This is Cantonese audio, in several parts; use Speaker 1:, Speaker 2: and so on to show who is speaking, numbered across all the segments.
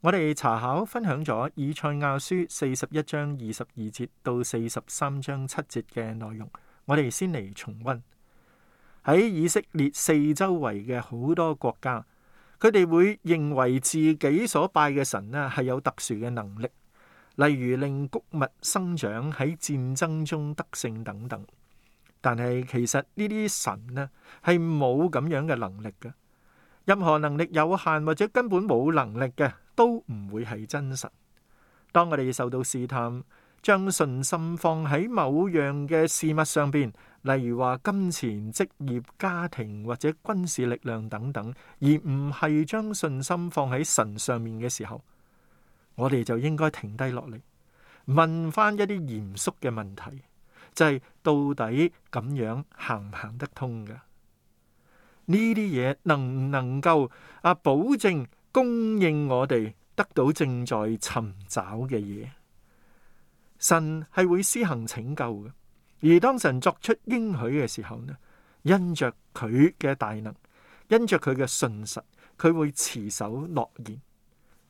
Speaker 1: 我哋查考分享咗以賽亞書四十一章二十二節到四十三章七節嘅內容。我哋先嚟重溫喺以色列四周圍嘅好多國家，佢哋會認為自己所拜嘅神呢係有特殊嘅能力，例如令穀物生長、喺戰爭中得勝等等。但係其實呢啲神呢，係冇咁樣嘅能力嘅，任何能力有限或者根本冇能力嘅。都唔會係真實。當我哋受到試探，將信心放喺某樣嘅事物上面，例如話金錢、職業、家庭或者軍事力量等等，而唔係將信心放喺神上面嘅時候，我哋就應該停低落嚟，問翻一啲嚴肅嘅問題，就係、是、到底咁樣行唔行得通噶？呢啲嘢能唔能夠啊保證？供應我哋得到正在尋找嘅嘢，神係會施行拯救嘅。而當神作出應許嘅時候呢，因着佢嘅大能，因着佢嘅信實，佢會持守諾言。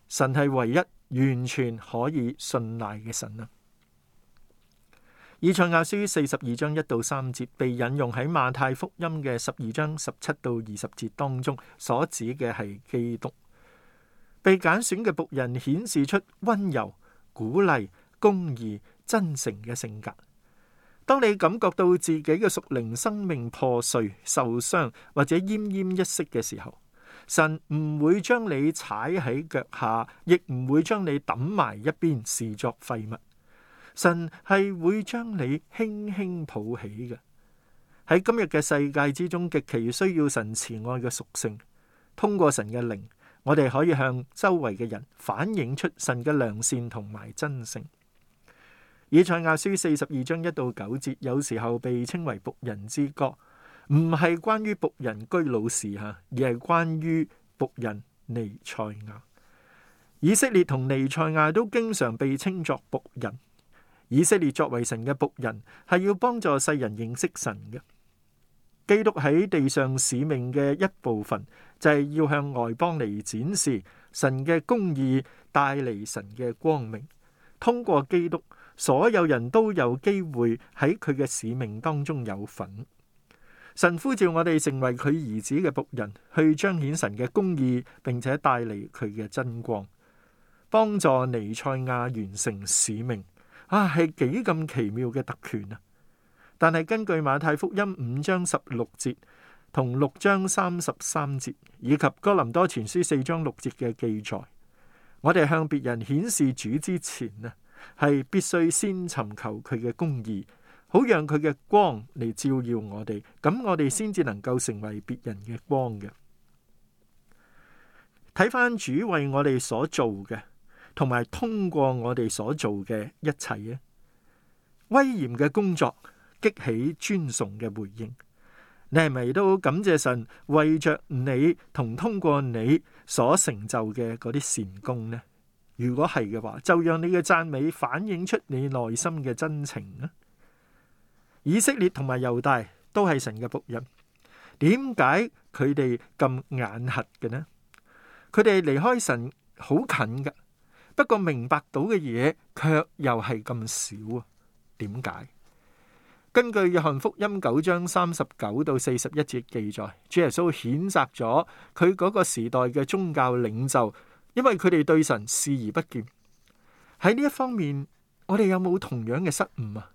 Speaker 1: 神係唯一完全可以信賴嘅神啊！以賽亞書四十二章一到三節被引用喺馬太福音嘅十二章十七到二十節當中，所指嘅係基督。被揀選嘅僕人顯示出温柔、鼓勵、公義、真誠嘅性格。當你感覺到自己嘅屬靈生命破碎、受傷或者奄奄一息嘅時候，神唔會將你踩喺腳下，亦唔會將你抌埋一邊視作廢物。神係會將你輕輕抱起嘅。喺今日嘅世界之中，極其需要神慈愛嘅屬性。通過神嘅靈。我哋可以向周圍嘅人反映出神嘅良善同埋真誠。以賽亞書四十二章一到九節，有時候被稱為僕人之歌，唔係關於僕人居老時吓，而係關於僕人以賽亞。以色列同以賽亞都經常被稱作僕人。以色列作為神嘅僕人，係要幫助世人認識神嘅。基督喺地上使命嘅一部分就係要向外邦嚟展示神嘅公義，帶嚟神嘅光明。通過基督，所有人都有機會喺佢嘅使命當中有份。神呼召我哋成為佢兒子嘅僕人，去彰顯神嘅公義，並且帶嚟佢嘅真光，幫助彌賽亞完成使命。啊，係幾咁奇妙嘅特權啊！但係，根據馬太福音五章十六節、同六章三十三節，以及哥林多全書四章六節嘅記載，我哋向別人顯示主之前呢，係必須先尋求佢嘅公義，好讓佢嘅光嚟照耀我哋，咁我哋先至能夠成為別人嘅光嘅。睇翻，主為我哋所做嘅，同埋通過我哋所做嘅一切嘅威嚴嘅工作。激起尊崇嘅回應，你係咪都好感謝神為着你同通過你所成就嘅嗰啲善功呢？如果係嘅話，就讓你嘅讚美反映出你內心嘅真情啦。以色列同埋猶大都係神嘅僕人，點解佢哋咁眼黑嘅呢？佢哋離開神好近噶，不過明白到嘅嘢卻又係咁少啊？點解？根據約翰福音九章三十九到四十一節記載，主耶穌譴責咗佢嗰個時代嘅宗教領袖，因為佢哋對神視而不見。喺呢一方面，我哋有冇同樣嘅失誤啊？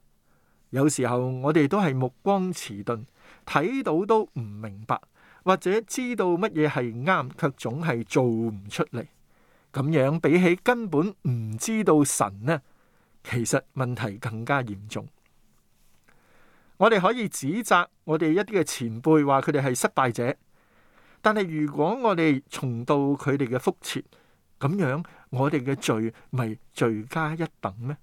Speaker 1: 有時候我哋都係目光遲鈍，睇到都唔明白，或者知道乜嘢係啱，卻總係做唔出嚟。咁樣比起根本唔知道神呢，其實問題更加嚴重。我哋可以指責我哋一啲嘅前輩，話佢哋係失敗者，但係如果我哋重蹈佢哋嘅覆轍，咁樣我哋嘅罪咪罪加一等咩？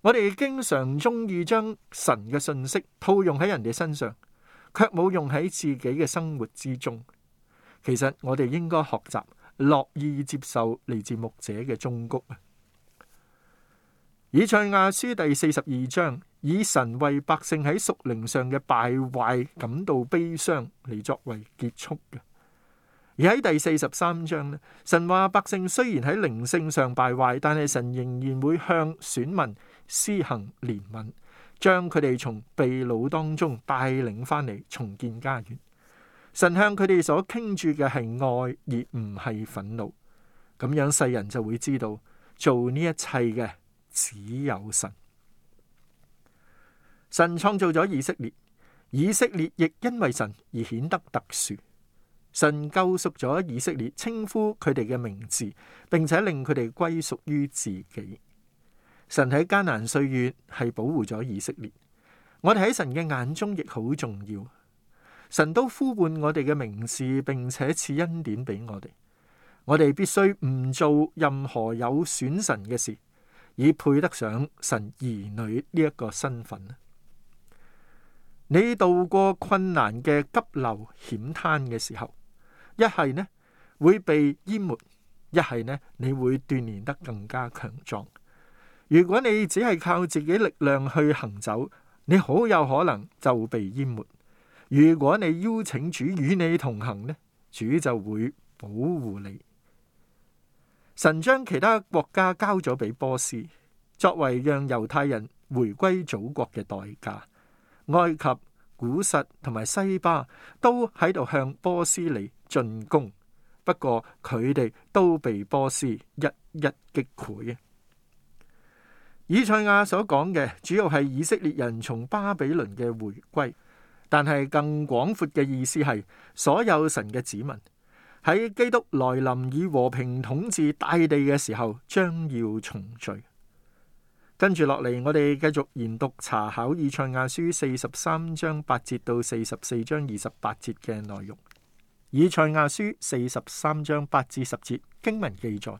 Speaker 1: 我哋經常中意將神嘅信息套用喺人哋身上，卻冇用喺自己嘅生活之中。其實我哋應該學習樂意接受嚟自牧者嘅忠告。以賽亞書第四十二章，以神為百姓喺屬靈上嘅敗壞感到悲傷嚟作為結束嘅。而喺第四十三章咧，神話百姓雖然喺靈性上敗壞，但係神仍然會向選民施行憐憫，將佢哋從被擄當中帶領翻嚟重建家園。神向佢哋所傾注嘅係愛，而唔係憤怒。咁樣世人就會知道做呢一切嘅。只有神。神創造咗以色列，以色列亦因為神而顯得特殊。神救贖咗以色列，稱呼佢哋嘅名字，並且令佢哋歸屬於自己。神喺艱難歲月係保護咗以色列。我哋喺神嘅眼中亦好重要。神都呼喚我哋嘅名字，並且賜恩典俾我哋。我哋必須唔做任何有損神嘅事。以配得上神兒女呢一個身份。你渡過困難嘅急流險灘嘅時候，一係呢會被淹沒，一係呢你會鍛煉得更加強壯。如果你只係靠自己力量去行走，你好有可能就被淹沒。如果你邀請主與你同行呢，主就會保護你。神將其他國家交咗俾波斯，作為讓猶太人回歸祖國嘅代價。埃及、古實同埋西巴都喺度向波斯嚟進攻，不過佢哋都被波斯一一擊潰。以賽亞所講嘅主要係以色列人從巴比倫嘅回歸，但係更廣闊嘅意思係所有神嘅子民。喺基督來臨以和平統治大地嘅時候，將要重聚。跟住落嚟，我哋繼續研讀查考以賽亞書四十三章八節到四十四章二十八節嘅內容。以賽亞書四十三章八至十節經文記載：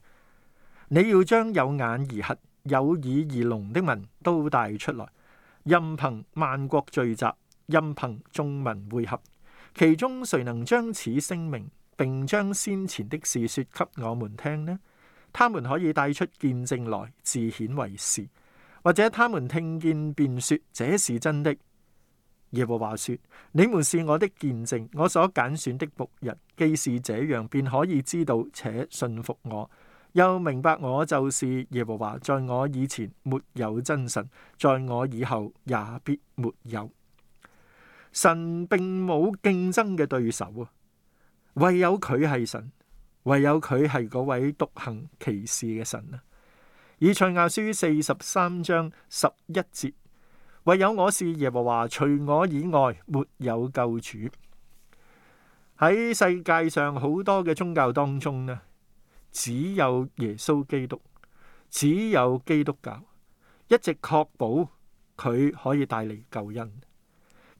Speaker 1: 你要將有眼而瞎、有耳而聾的民都帶出來，任憑萬國聚集，任憑眾民會合，其中誰能將此聲明？並將先前的事說給我們聽呢？他們可以帶出見證來自顯為是，或者他們聽見便說這是真的。耶和華說：你們是我的見證，我所揀選的僕人。既是這樣，便可以知道且信服我，又明白我就是耶和華。在我以前沒有真神，在我以後也必沒有。神並冇競爭嘅對手。唯有佢係神，唯有佢係嗰位獨行其事嘅神啊！以賽亞書四十三章十一節：唯有我是耶和華，除我以外沒有救主。喺世界上好多嘅宗教當中呢，只有耶穌基督，只有基督教一直確保佢可以帶嚟救恩，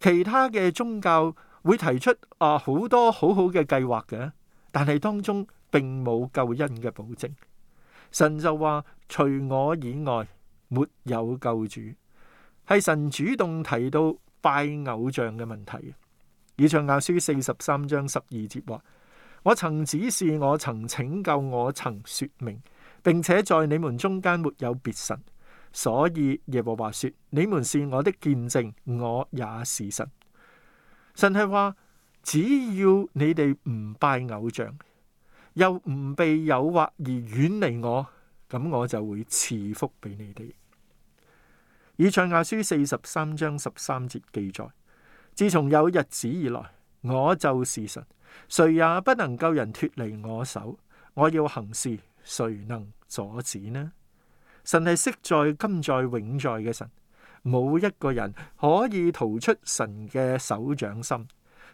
Speaker 1: 其他嘅宗教。會提出啊好多好好嘅計劃嘅，但係當中並冇救恩嘅保證。神就話：除我以外，沒有救主。係神主動提到拜偶像嘅問題。以賽亞書四十三章十二節話：我曾指示我，我曾拯救我，我曾說明，並且在你們中間沒有別神。所以耶和華說：你們是我的見證，我也是神。神係話：只要你哋唔拜偶像，又唔被誘惑而遠離我，咁我就會賜福俾你哋。以賽亞書四十三章十三節記載：自從有日子以來，我就是神，誰也不能夠人脱離我手，我要行事，誰能阻止呢？神係昔在、今在、永在嘅神。冇一個人可以逃出神嘅手掌心，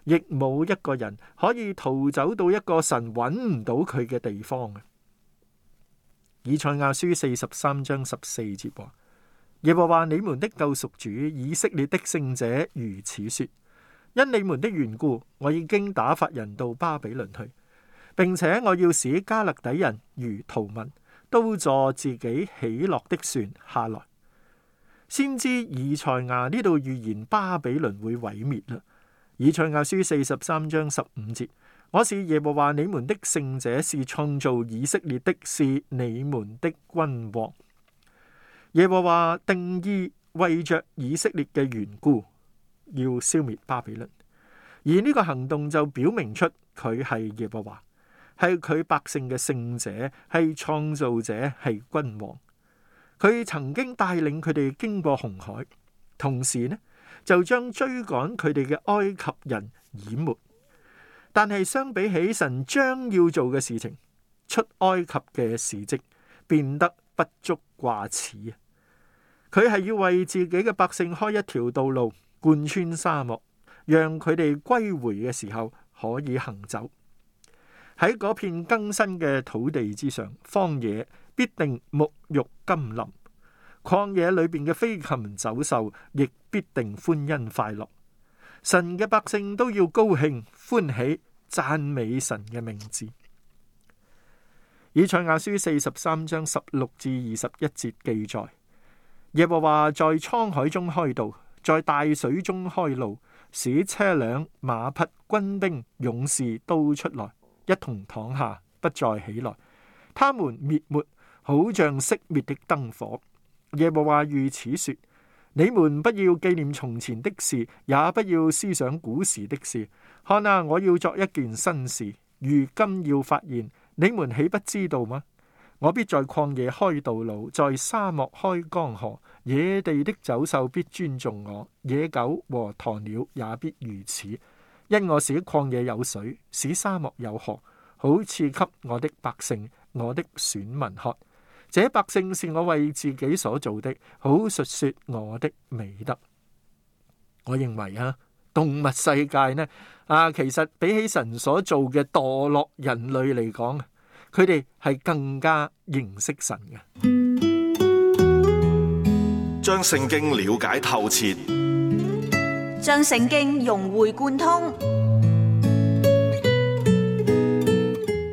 Speaker 1: 亦冇一個人可以逃走到一個神揾唔到佢嘅地方嘅。以賽亞書四十三章十四節話：耶和華你們的救贖主以色列的聖者如此說：因你們的緣故，我已經打發人到巴比倫去，並且我要使迦勒底人如逃民，都坐自己喜樂的船下來。先知以賽亞呢度預言巴比倫會毀滅啦。以賽亞書四十三章十五節，我是耶和華你們的聖者，是創造以色列的，是你們的君王。耶和華定義為着以色列嘅緣故，要消滅巴比倫。而呢個行動就表明出佢係耶和華，係佢百姓嘅聖者，係創造者，係君王。佢曾經帶領佢哋經過紅海，同時呢就將追趕佢哋嘅埃及人淹沒。但係相比起神將要做嘅事情，出埃及嘅事跡變得不足掛齒啊！佢係要為自己嘅百姓開一條道路，貫穿沙漠，讓佢哋歸回嘅時候可以行走。喺嗰片更新嘅土地之上，荒野。必定沐浴甘霖，曠野裏邊嘅飛禽走獸亦必定歡欣快樂。神嘅百姓都要高興歡喜，讚美神嘅名字。以賽亞書四十三章十六至二十一節記載：耶和華在滄海中開道，在大水中開路，使車輛、馬匹、軍兵、勇士都出來，一同躺下，不再起來。他們滅沒。好像熄滅的燈火。耶和華如此說：你們不要紀念從前的事，也不要思想古時的事。看啊，我要作一件新事，如今要發現你們豈不知道嗎？我必在曠野開道路，在沙漠開江河。野地的走獸必尊重我，野狗和鴕鳥也必如此，因我使曠野有水，使沙漠有河，好賜給我的百姓、我的選民喝。這百姓是我為自己所做的，好述說我的美德。我認為啊，動物世界呢，啊，其實比起神所做嘅墮落人類嚟講，佢哋係更加認識神嘅。將聖經了解透徹，將聖經融會貫通。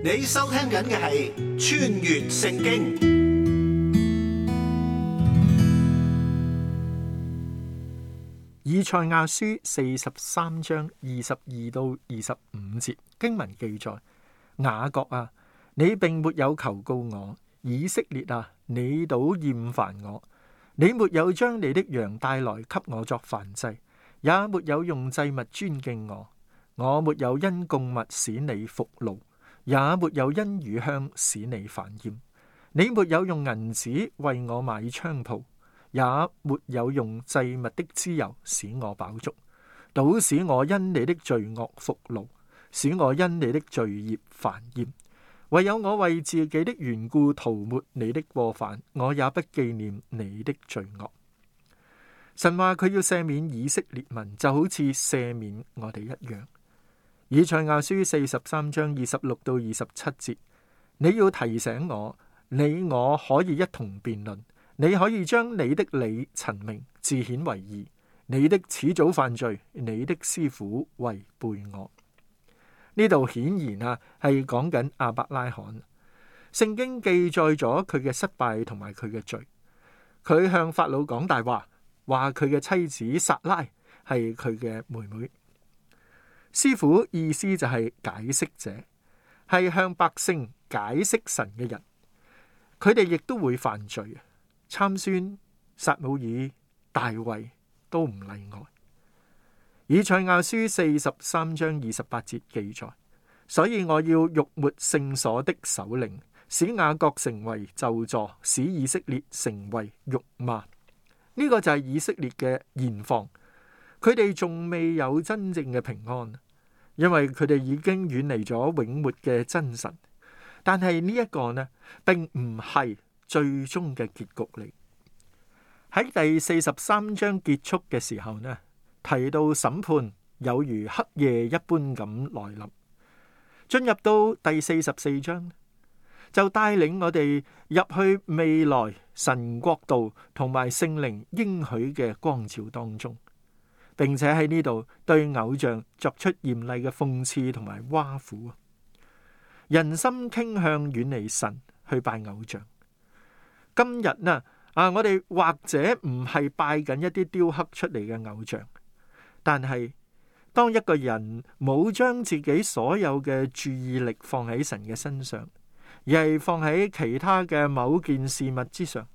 Speaker 1: 你收聽緊嘅係《穿越聖經》。以賽亞書四十三章二十二到二十五節經文記載：雅各啊，你並沒有求告我；以色列啊，你倒厭煩我。你沒有將你的羊帶來給我作燔祭，也沒有用祭物尊敬我。我沒有因供物使你服勞，也沒有因乳香使你煩厭。你沒有用銀子為我買菖蒲。也沒有用祭物的脂油使我飽足，倒使我因你的罪惡服勞，使我因你的罪孽煩厭。唯有我為自己的緣故塗抹你的過犯，我也不紀念你的罪惡。神話佢要赦免以色列民，就好似赦免我哋一樣。以賽亞書四十三章二十六到二十七節，你要提醒我，你我可以一同辯論。你可以將你的理陳明自顯為義。你的始祖犯罪，你的師傅違背我。呢度顯然啊，係講緊亞伯拉罕。聖經記載咗佢嘅失敗同埋佢嘅罪。佢向法老講大話，話佢嘅妻子撒拉係佢嘅妹妹。師傅意思就係解釋者，係向百姓解釋神嘅人，佢哋亦都會犯罪參孫、撒母耳、大衛都唔例外。以賽亞書四十三章二十八節記載，所以我要辱沒聖所的首領，使雅各成為咒詛，使以色列成為辱罵。呢、這個就係以色列嘅現況，佢哋仲未有真正嘅平安，因為佢哋已經遠離咗永活嘅真神。但係呢一個呢，並唔係。最終嘅結局嚟，喺第四十三章結束嘅時候呢，提到審判有如黑夜一般咁來臨。進入到第四十四章，就帶領我哋入去未來神國度同埋聖靈應許嘅光照當中，並且喺呢度對偶像作出嚴厲嘅諷刺同埋挖苦啊！人心傾向遠離神去拜偶像。今日呢啊，我哋或者唔係拜緊一啲雕刻出嚟嘅偶像，但係當一個人冇將自己所有嘅注意力放喺神嘅身上，而係放喺其他嘅某件事物之上，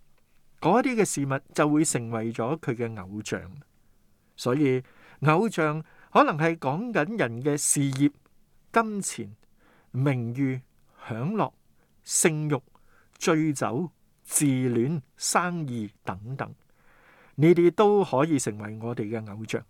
Speaker 1: 嗰啲嘅事物就會成為咗佢嘅偶像。所以偶像可能係講緊人嘅事業、金錢、名譽、享樂、性慾、醉酒。自戀、生意等等，你哋都可以成為我哋嘅偶像。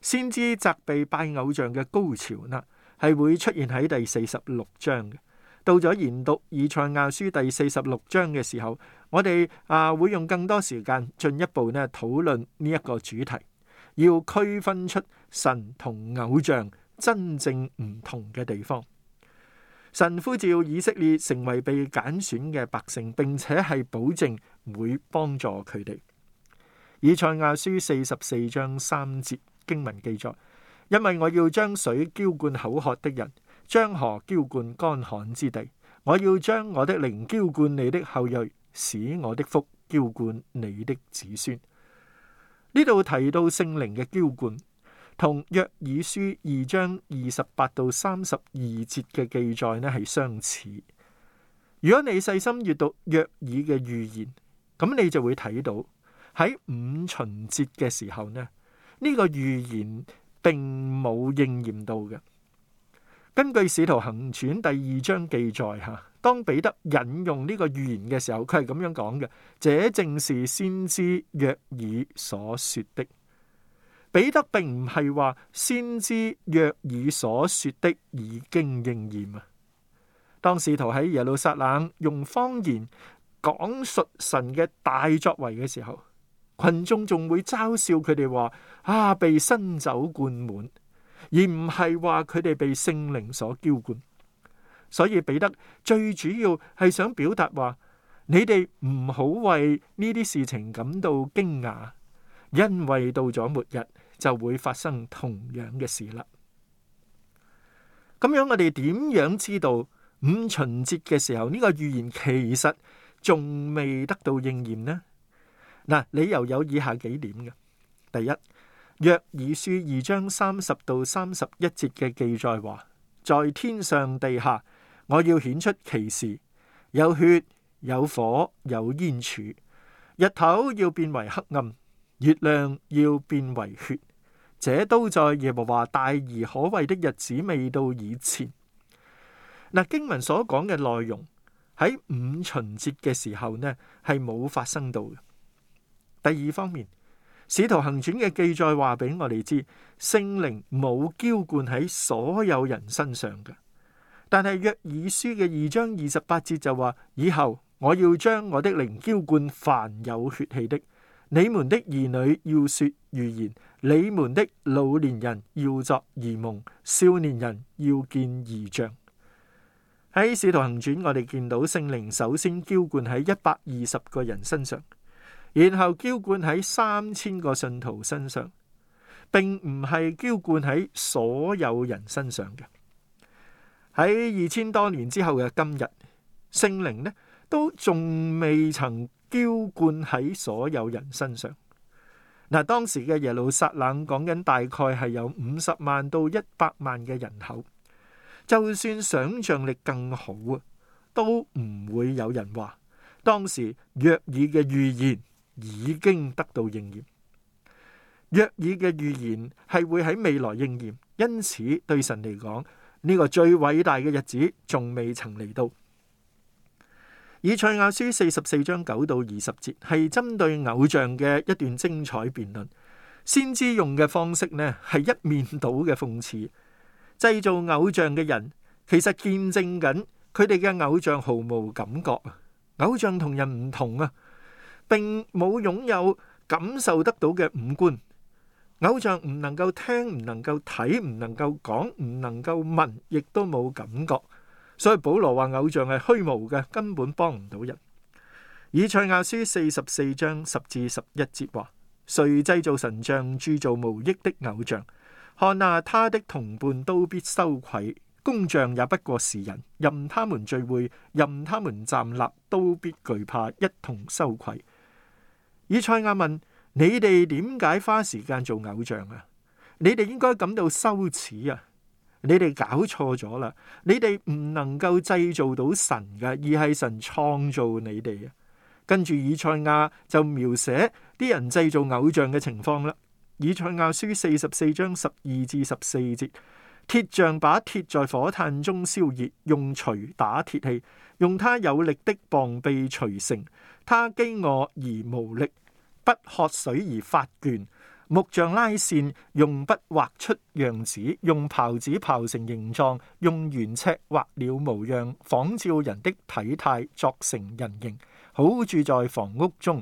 Speaker 1: 先知責備拜偶像嘅高潮呢，係會出現喺第四十六章嘅。到咗研讀以賽亞書第四十六章嘅時候，我哋啊會用更多時間進一步呢討論呢一個主題，要區分出神同偶像真正唔同嘅地方。神呼召以色列成為被揀選嘅百姓，並且係保證會幫助佢哋。以賽亞書四十四章三節經文記載：因為我要將水澆灌口渴的人，將河澆灌乾旱之地。我要將我的靈澆灌你的後裔，使我的福澆灌你的子孫。呢度提到聖靈嘅澆灌。同約珥書二章二十八到三十二節嘅記載呢，係相似。如果你細心閱讀約珥嘅預言，咁你就會睇到喺五旬節嘅時候呢，呢個預言並冇應驗到嘅。根據使徒行傳第二章記載吓，當彼得引用呢個預言嘅時候，佢係咁樣講嘅：「這正是先知約珥所說的。」彼得並唔係話先知約珥所說的已經應驗啊！當使徒喺耶路撒冷用方言講述神嘅大作為嘅時候，群眾仲會嘲笑佢哋話：啊，被新酒灌滿，而唔係話佢哋被聖靈所澆灌。所以彼得最主要係想表達話：你哋唔好為呢啲事情感到驚訝。因為到咗末日就會發生同樣嘅事啦。咁樣我哋點樣知道五旬節嘅時候呢個預言其實仲未得到應驗呢？嗱，理由有以下幾點嘅。第一，《約珥書二章三十到三十一節嘅記載話，在天上地下，我要顯出奇事，有血，有火，有煙柱，日頭要變為黑暗。月亮要變為血，這都在耶和華大而可畏的日子未到以前。嗱，經文所講嘅內容喺五旬節嘅時候呢，係冇發生到嘅。第二方面，使徒行傳嘅記載話俾我哋知，聖靈冇澆灌喺所有人身上嘅。但係約珥書嘅二章二十八節就話：以後我要將我的靈澆灌凡有血氣的。你們的兒女要說預言，你們的老年人要作異夢，少年人要見異象。喺《使徒行傳》，我哋見到聖靈首先澆灌喺一百二十個人身上，然後澆灌喺三千個信徒身上，並唔係澆灌喺所有人身上嘅。喺二千多年之後嘅今日，聖靈呢都仲未曾。澆灌喺所有人身上。嗱，當時嘅耶路撒冷講緊大概係有五十萬到一百萬嘅人口。就算想象力更好啊，都唔會有人話當時約珥嘅預言已經得到應驗。約珥嘅預言係會喺未來應驗，因此對神嚟講，呢個最偉大嘅日子仲未曾嚟到。以賽亞書四十四章九到二十節，係針對偶像嘅一段精彩辯論。先知用嘅方式呢，係一面倒嘅諷刺，製造偶像嘅人其實見證緊佢哋嘅偶像毫無感覺啊！偶像同人唔同啊，並冇擁有感受得到嘅五官。偶像唔能夠聽，唔能夠睇，唔能夠講，唔能夠聞，亦都冇感覺。所以保羅話偶像係虛無嘅，根本幫唔到人。以賽亞書四十四章十至十一節話：誰製造神像，鑄造無益的偶像？看啊，他的同伴都必羞愧，工匠也不過是人，任他們聚會，任他們站立，都必懼怕，一同羞愧。以賽亞問：你哋點解花時間做偶像啊？你哋應該感到羞恥啊！你哋搞錯咗啦！你哋唔能夠製造到神噶，而係神創造你哋啊！跟住以賽亞就描寫啲人製造偶像嘅情況啦。以賽亞書四十四章十二至十四節：鐵匠把鐵在火炭中燒熱，用錘打鐵器，用他有力的膀臂錘成。他飢餓而無力，不喝水而發倦。木匠拉線，用筆畫出樣子，用刨子刨成形狀，用圓尺畫了模樣，仿照人的體態作成人形，好住在房屋中。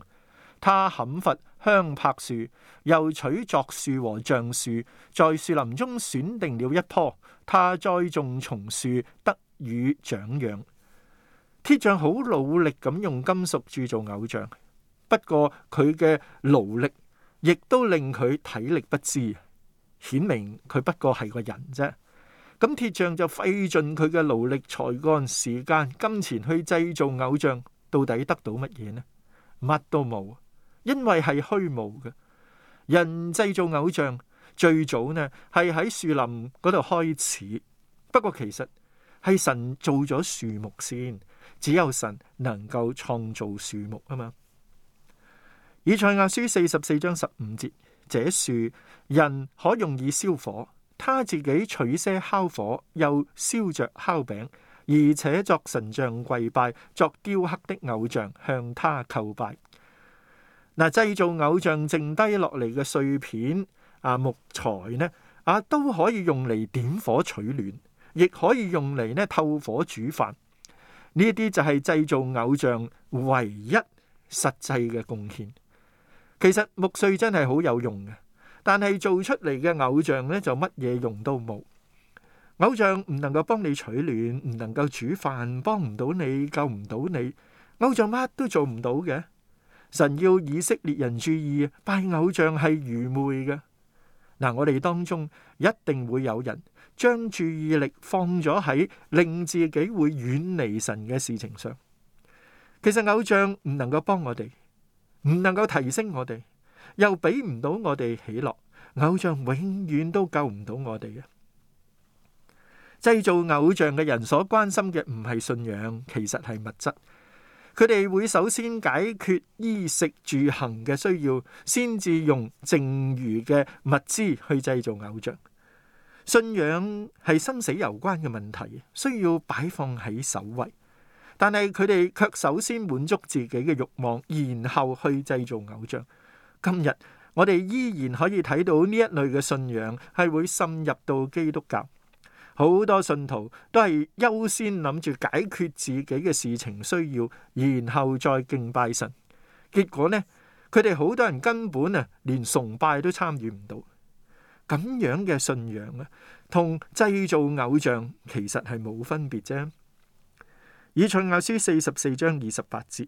Speaker 1: 他砍伐香柏樹，又取作樹和橡樹，在樹林中選定了一棵。他栽種松樹，得雨長養。鐵匠好努力咁用金屬鑄造偶像，不過佢嘅勞力。亦都令佢體力不支，顯明佢不過係個人啫。咁鐵匠就費盡佢嘅勞力、才幹、時間、金錢去製造偶像，到底得到乜嘢呢？乜都冇，因為係虛無嘅。人製造偶像最早呢係喺樹林嗰度開始，不過其實係神做咗樹木先，只有神能夠創造樹木啊嘛。以賽亞書四十四章十五節：，這樹，人可用以燒火，他自己取些烤火，又燒着烤餅，而且作神像跪拜，作雕刻的偶像向他叩拜。嗱，製造偶像剩低落嚟嘅碎片啊木材呢啊都可以用嚟點火取暖，亦可以用嚟呢透火煮飯。呢啲就係製造偶像唯一實際嘅貢獻。其實木碎真係好有用嘅，但係做出嚟嘅偶像呢就乜嘢用都冇。偶像唔能夠幫你取暖，唔能夠煮飯，幫唔到你，救唔到你。偶像乜都做唔到嘅。神要以色列人注意，拜偶像係愚昧嘅。嗱，我哋當中一定會有人將注意力放咗喺令自己會遠離神嘅事情上。其實偶像唔能夠幫我哋，唔能夠提升我哋，又俾唔到我哋喜樂，偶像永遠都救唔到我哋嘅。製造偶像嘅人所關心嘅唔係信仰，其實係物質。佢哋會首先解決衣食住行嘅需要，先至用剩餘嘅物資去製造偶像。信仰係生死攸關嘅問題，需要擺放喺首位。但係佢哋卻首先滿足自己嘅欲望，然後去製造偶像。今日我哋依然可以睇到呢一類嘅信仰係會滲入到基督教，好多信徒都係優先諗住解決自己嘅事情需要，然後再敬拜神。結果呢，佢哋好多人根本啊連崇拜都參與唔到。咁樣嘅信仰啊，同製造偶像其實係冇分別啫。以賽亞書四十四章二十八節，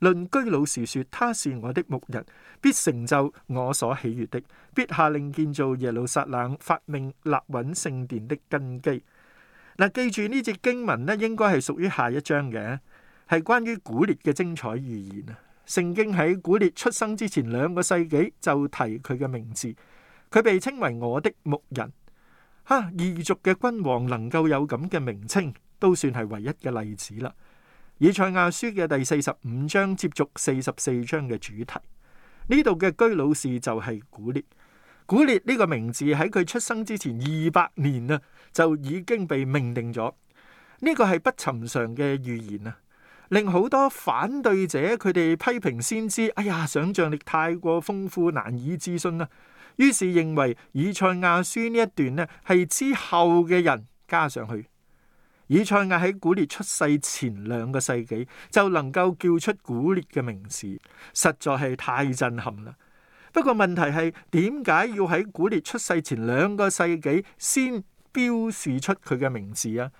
Speaker 1: 論居魯士說：他是我的牧人，必成就我所喜悅的，必下令建造耶路撒冷，發命立穩聖殿的根基。嗱，記住呢節經文咧，應該係屬於下一章嘅，係關於古列嘅精彩預言啊！聖經喺古列出生之前兩個世紀就提佢嘅名字，佢被稱為我的牧人。哈！異族嘅君王能夠有咁嘅名稱。都算係唯一嘅例子啦。以賽亞書嘅第四十五章接續四十四章嘅主題，呢度嘅居魯士就係古列。古列呢個名字喺佢出生之前二百年啊，就已經被命定咗。呢個係不尋常嘅預言啊，令好多反對者佢哋批評先知，哎呀，想象力太過豐富，難以置信啊！於是認為以賽亞書呢一段呢係之後嘅人加上去。以賽亞喺古列出世前兩個世紀就能夠叫出古列嘅名字，實在係太震撼啦！不過問題係點解要喺古列出世前兩個世紀先標示出佢嘅名字啊？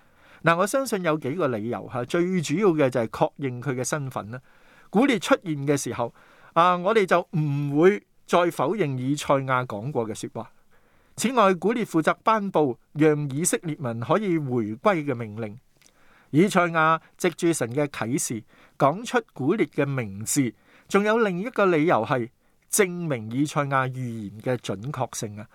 Speaker 1: 嗱，我相信有幾個理由吓，最主要嘅就係確認佢嘅身份啦。古列出現嘅時候，啊，我哋就唔會再否認以賽亞講過嘅說話。此外，古列負責頒布讓以色列民可以回歸嘅命令。以賽亞藉住神嘅啟示，講出古列嘅名字，仲有另一個理由係證明以賽亞預言嘅準確性啊！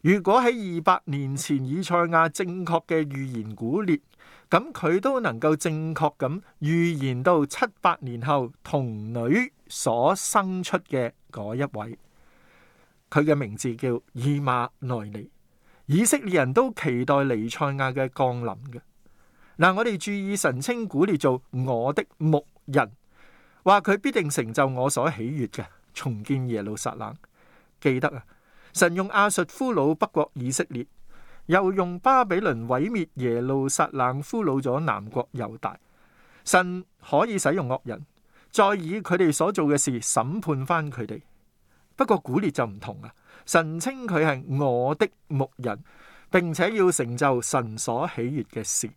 Speaker 1: 如果喺二百年前以賽亞正確嘅預言古列，咁佢都能夠正確咁預言到七百年後童女所生出嘅嗰一位。佢嘅名字叫以馬內利，以色列人都期待彌賽亞嘅降臨嘅。嗱，我哋注意神稱古列做我的牧人，話佢必定成就我所喜悅嘅重建耶路撒冷。記得啊，神用亞述俘虜北國以色列，又用巴比倫毀滅耶路撒冷，俘虜咗南國猶大。神可以使用惡人，再以佢哋所做嘅事審判返佢哋。不過古列就唔同啊，神稱佢係我的牧人，並且要成就神所喜悦嘅事。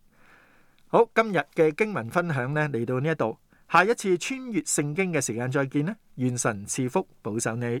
Speaker 1: 好，今日嘅經文分享呢，嚟到呢一度，下一次穿越聖經嘅時間再見啦。願神賜福保守你。